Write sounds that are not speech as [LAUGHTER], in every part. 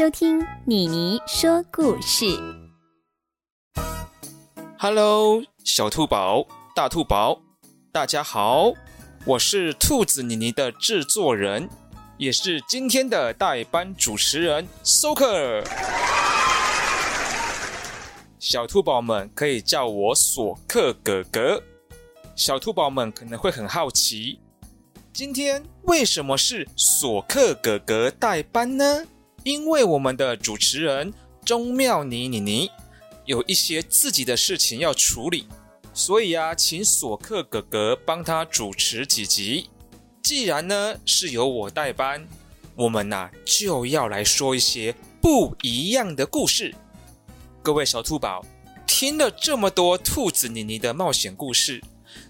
收聽妮妮說故事。Hello，小兔寶、大兔寶，大家好，我是兔子妮妮的製作人，也是今天的代班主持人索克。小兔寶們可以叫我索克哥哥。小兔寶們可能會很好奇，今天為什麼是索克哥哥代班呢？因為我們的主持人鍾妙妮妮妮有一些自己的事情要處理，所以啊，請索克哥哥幫他主持幾集。既然呢，是由我代班，我們吶，啊，就要來說一些不一樣的故事。各位小兔寶，聽了這麼多兔子妮妮的冒險故事，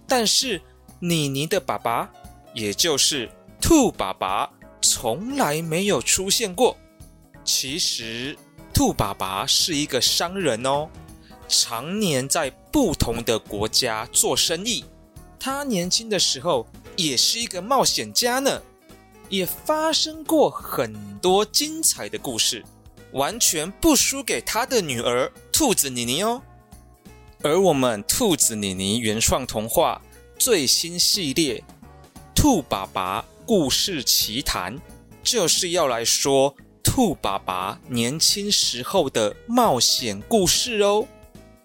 但是妮妮的爸爸，也就是兔爸爸，從來沒有出現過。其實，兔爸爸是一個商人哦，常年在不同的國家做生意。他年輕的時候也是一個冒險家呢，也發生過很多精彩的故事，完全不輸給他的女兒兔子妮妮哦。而我們兔子妮妮原創童話最新系列《兔爸爸故事奇譚》，就是要來說兔爸爸年輕時候的冒險故事哦。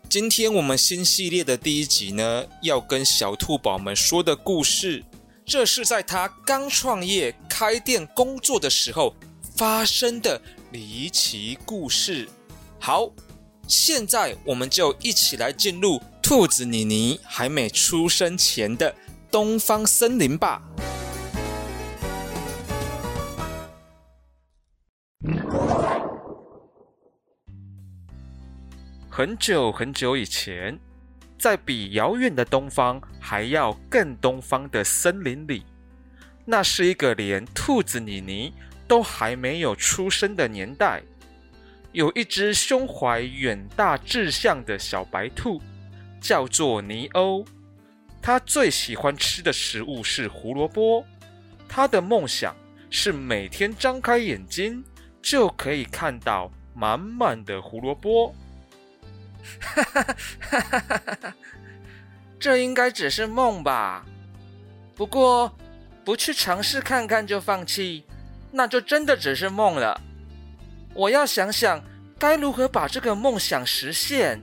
今天我們新系列的第一集呢，要跟小兔寶們說的故事，這是在他剛創業開店工作的時候發生的離奇故事。好，現在我們就一起來進入兔子妮妮還沒出生前的東方森林吧。很久很久以前，在比遙遠的東方還要更東方的森林裡，那是一個連兔子妮妮都還沒有出生的年代。有一隻胸懷遠大志向的小白兔，叫做尼歐。他最喜歡吃的食物是胡蘿蔔。他的夢想是每天張開眼睛就可以看到滿滿的胡蘿蔔。哈哈哈！哈哈哈哈哈哈哈！這應該只是夢吧？不過，不去嘗試看看就放棄，那就真的只是夢了。我要想想該如何把這個夢想實現。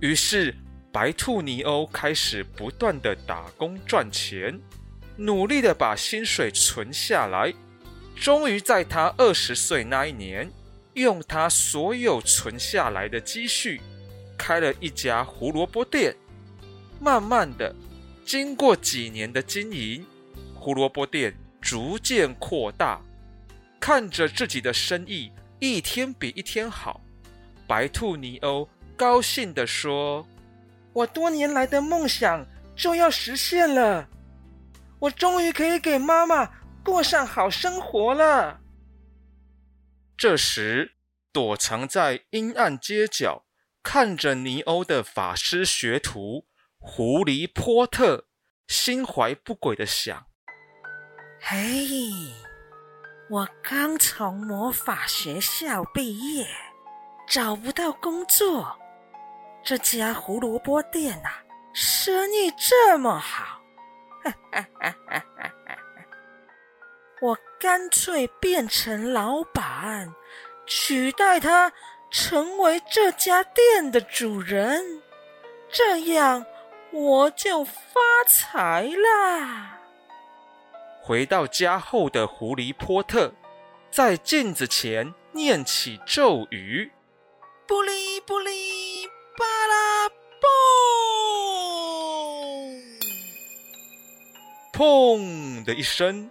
於是，白兔尼歐開始不斷的打工賺錢，努力的把薪水存下來。終於，在他二十歲那一年，用他所有存下來的積蓄。開了一家胡蘿蔔店，慢慢的，經過幾年的經營，胡蘿蔔店逐漸擴大，看着自己的生意一天比一天好，白兔尼歐高興地說：“我多年來的夢想就要實現了，我終於可以給媽媽過上好生活了。”這時，躲藏在陰暗街角。看着尼歐的法師學徒，狐狸波特心懷不軌地想：“嘿，hey, 我剛從魔法學校畢業，找不到工作，這家胡蘿蔔店啊，生意這麼好， [LAUGHS] 我乾脆變成老闆，取代他。”成為這家店的主人，這樣我就發財啦！回到家後的狐狸波特在鏡子前念起咒語：“不哩不哩，巴拉蹦！”砰的一聲，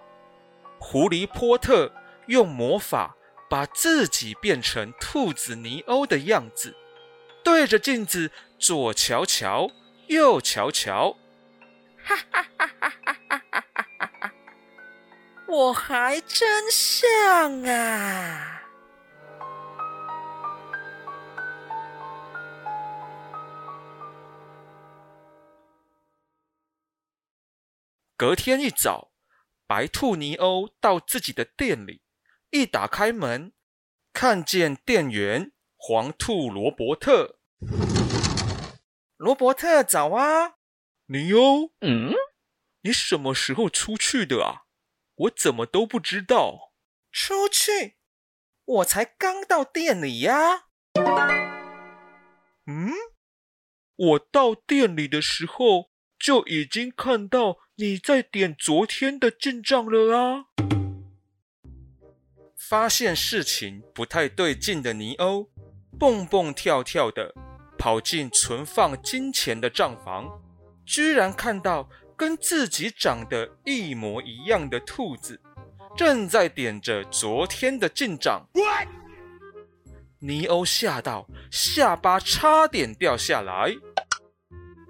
狐狸波特用魔法。把自己變成兔子尼歐的樣子，對着鏡子左瞧瞧，右瞧瞧，哈哈哈哈哈哈哈哈哈！我還真像啊！隔天一早，白兔尼歐到自己的店裡。一打開門，看見店員黃兔羅伯特。羅伯特，早啊！你喲，嗯，你什麼時候出去的啊？我怎麼都不知道。出去？我才剛到店裡呀。嗯，我到店裡的時候，就已經看到你在點昨天的進賬了啊！發現事情不太對勁的尼歐，蹦蹦跳跳的跑進存放金錢的賬房，居然看到跟自己長得一模一樣的兔子，正在點着昨天的進賬。What? 尼歐嚇到下巴差點掉下來。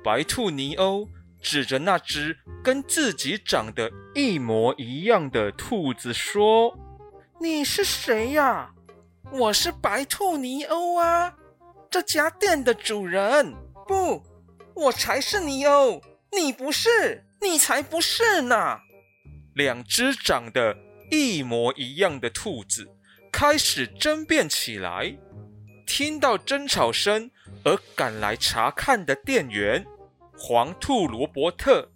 白兔尼歐指着那只跟自己長得一模一樣的兔子說。你是誰呀？我是白兔尼歐啊，這家店的主人。不，我才是尼歐，你不是，你才不是呢！兩隻長得一模一樣的兔子開始爭辯起來。聽到爭吵聲而趕來查看的店員黃兔羅伯特，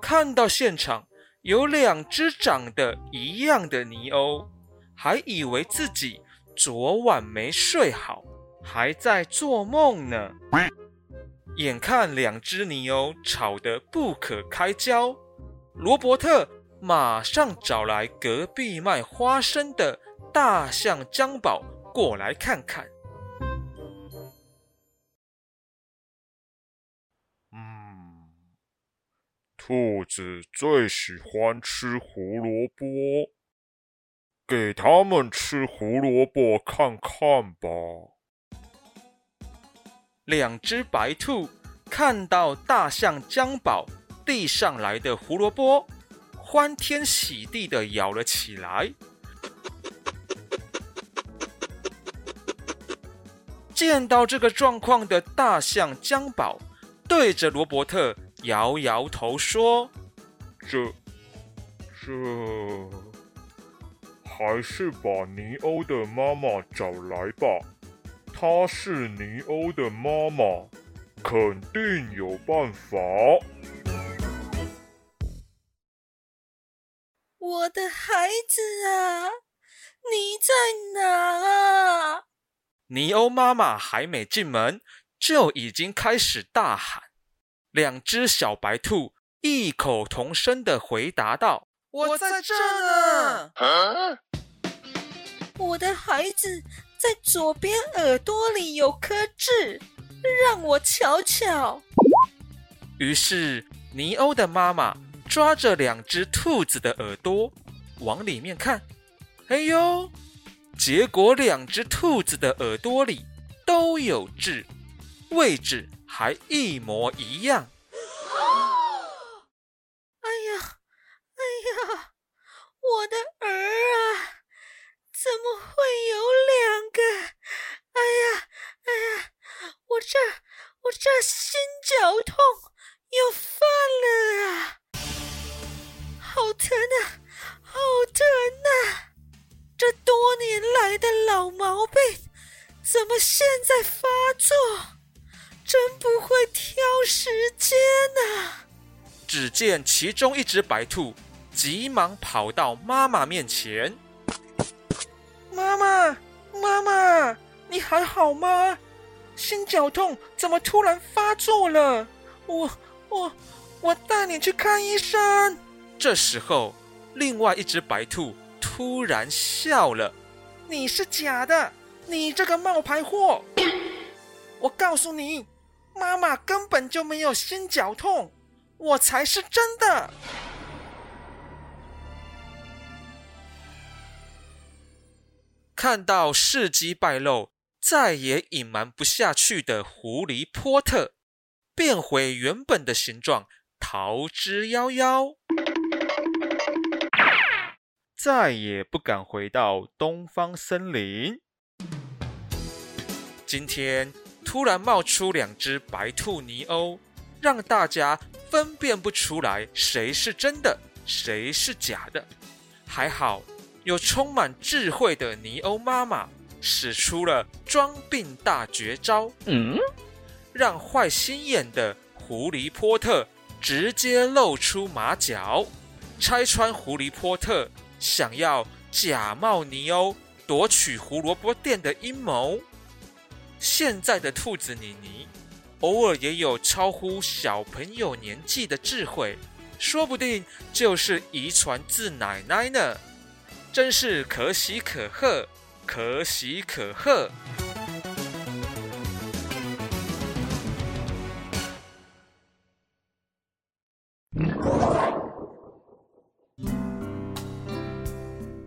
看到現場有兩隻長得一樣的尼歐。還以為自己昨晚沒睡好，還在做夢呢。眼看兩隻尼歐吵得不可開交，羅伯特馬上找來隔壁賣花生的大象江寶過來看看。嗯，兔子最喜歡吃胡蘿蔔。給他們吃胡蘿蔔看看吧。兩隻白兔看到大象江寶遞上來的胡蘿蔔，歡天喜地的咬了起來。 [NOISE] 見到這個狀況的大象江寶，對着羅伯特搖搖頭說：“這，這。”還是把尼歐的媽媽找來吧，她是尼歐的媽媽，肯定有辦法。我的孩子啊，你在哪啊？尼歐媽媽還沒進門，就已經開始大喊。兩隻小白兔異口同聲的回答道。我在這兒啊。我的孩子在左邊耳朵裡有顆痣，讓我瞧瞧。於是尼歐的媽媽抓着兩隻兔子的耳朵往裡面看，哎呦！結果兩隻兔子的耳朵裡都有痣，位置還一模一樣。我這心絞痛又犯了啊！好疼啊，好疼啊！這多年來的老毛病怎麼現在發作？真不會挑時間啊！只見其中一只白兔急忙跑到媽媽面前：“媽媽，媽媽，你還好嗎？”心絞痛怎麼突然發作了？我、我、我帶你去看醫生。這時候，另外一只白兔突然笑了：“你是假的，你這個冒牌貨！ [COUGHS] 我告訴你，媽媽根本就沒有心絞痛，我才是真的。”看到事跡敗露，再也隱瞞不下去的狐狸波特，變回原本的形狀，逃之夭夭，再也不敢回到東方森林。今天突然冒出兩隻白兔尼歐，讓大家分辨不出來誰是真的，誰是假的。還好有充滿智慧的尼歐媽媽。使出了裝病大絕招，嗯、讓壞心眼的狐狸波特直接露出馬腳，拆穿狐狸波特想要假冒尼歐、哦、奪取胡蘿蔔店的陰謀。現在的兔子妮妮，偶爾也有超乎小朋友年紀的智慧，說不定就是遺傳自奶奶呢，真是可喜可賀。可喜可賀！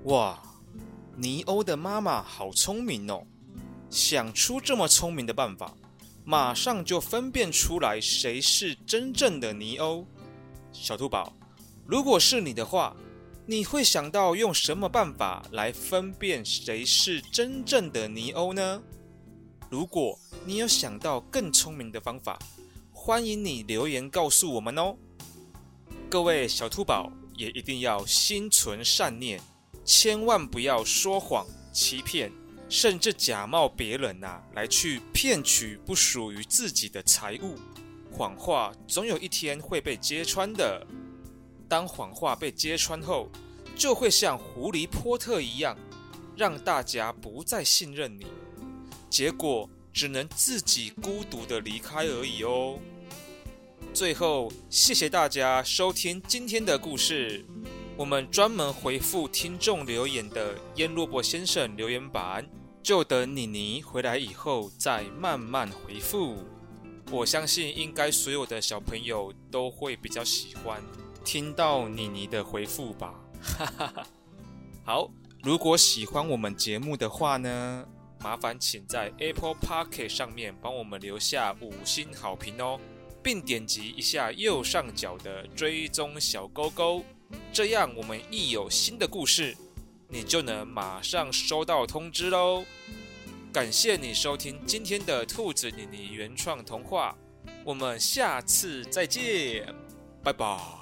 哇，尼歐的媽媽好聰明哦，想出這麼聰明的辦法，馬上就分辨出來誰是真正的尼歐。小兔寶，如果是你的話，你會想到用什麼辦法來分辨誰是真正的尼歐呢？如果你有想到更聰明的方法，歡迎你留言告訴我們哦。各位小兔寶也一定要心存善念，千萬不要說謊欺騙，甚至假冒別人吶、啊，來去騙取不屬於自己的財物。謊話總有一天會被揭穿的。當謊話被揭穿後，就會像狐狸波特一樣，讓大家不再信任你，結果只能自己孤獨的離開而已哦。最後，謝謝大家收聽今天的故事。我們專門回復聽眾留言的醃蘿蔔先生留言板，就等妮妮回來以後再慢慢回復。我相信，應該所有的小朋友都會比較喜歡。聽到妮妮的回復吧，哈哈哈。好，如果喜歡我們節目的話呢，麻煩請在 Apple Podcast 上面幫我們留下五星好評哦，並點擊一下右上角的追蹤小勾勾，這樣我們一有新的故事，你就能馬上收到通知嘍。感謝你收聽今天的兔子妮妮原創童話，我們下次再見，拜拜。